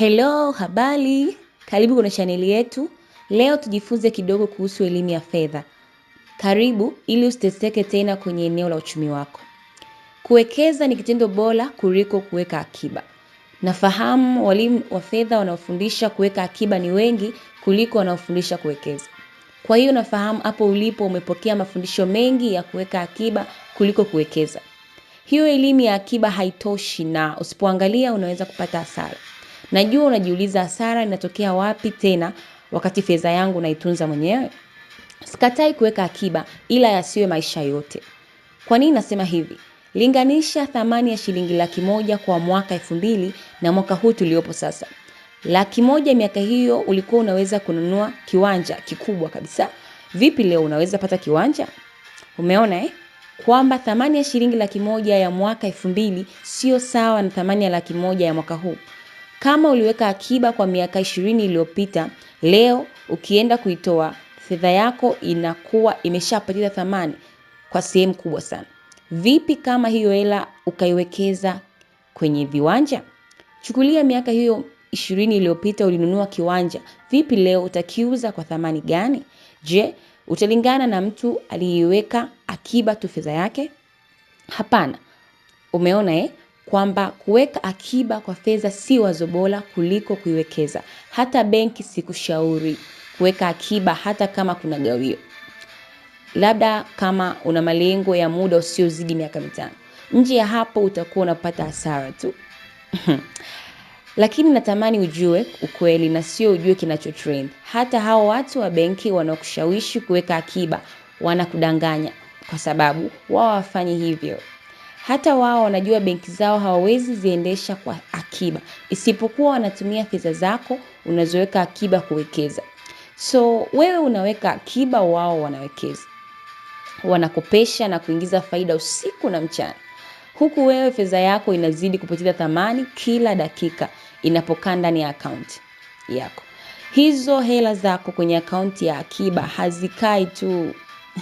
Hello, habari, karibu kwenye chaneli yetu. Leo tujifunze kidogo kuhusu elimu ya fedha. Karibu ili usiteseke tena kwenye eneo la uchumi wako. Kuwekeza ni kitendo bora kuliko kuweka akiba. Nafahamu walimu wa fedha wanaofundisha kuweka akiba ni wengi kuliko wanaofundisha kuwekeza. Kwa hiyo nafahamu hapo ulipo umepokea mafundisho mengi ya kuweka akiba kuliko kuwekeza. Hiyo elimu ya akiba haitoshi na usipoangalia unaweza kupata hasara. Najua unajiuliza hasara inatokea wapi tena wakati fedha yangu naitunza mwenyewe. Sikatai kuweka akiba ila yasiwe maisha yote. Kwa nini nasema hivi? Linganisha thamani ya shilingi laki moja kwa mwaka elfu mbili na mwaka huu tuliopo sasa. Laki moja miaka hiyo ulikuwa unaweza kununua kiwanja kikubwa kabisa. Vipi leo unaweza pata kiwanja? Umeona eh? Kwamba thamani ya shilingi laki moja ya mwaka elfu mbili sio sawa na thamani ya laki moja ya mwaka huu. Kama uliweka akiba kwa miaka ishirini iliyopita, leo ukienda kuitoa, fedha yako inakuwa imeshapoteza thamani kwa sehemu kubwa sana. Vipi kama hiyo hela ukaiwekeza kwenye viwanja? Chukulia miaka hiyo ishirini iliyopita ulinunua kiwanja. Vipi leo utakiuza kwa thamani gani? Je, utalingana na mtu aliyeiweka akiba tu fedha yake? Hapana. Umeona eh? kwamba kuweka akiba kwa fedha si wazo bora kuliko kuiwekeza. Hata benki sikushauri kuweka akiba hata kama kuna gawio, labda kama una malengo ya muda usiozidi miaka mitano. Nje ya hapo utakuwa unapata hasara tu Lakini natamani ujue ukweli na sio ujue kinacho trend. Hata hao watu wa benki wanaokushawishi kuweka akiba wanakudanganya, kwa sababu wao wafanyi hivyo. Hata wao wanajua benki zao hawawezi ziendesha kwa akiba, isipokuwa wanatumia fedha zako unazoweka akiba kuwekeza. So wewe unaweka akiba, wao wanawekeza, wanakopesha na kuingiza faida usiku na mchana, huku wewe fedha yako inazidi kupoteza thamani kila dakika inapokaa ndani ya akaunti yako. Hizo hela zako kwenye akaunti ya akiba hazikai tu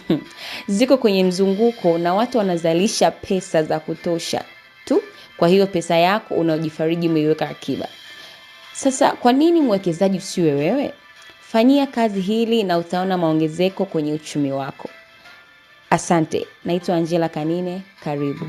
ziko kwenye mzunguko na watu wanazalisha pesa za kutosha tu. Kwa hiyo pesa yako unaojifariji umeiweka akiba. Sasa kwa nini mwekezaji usiwe wewe? Fanyia kazi hili na utaona maongezeko kwenye uchumi wako. Asante, naitwa Angela Kanine, karibu.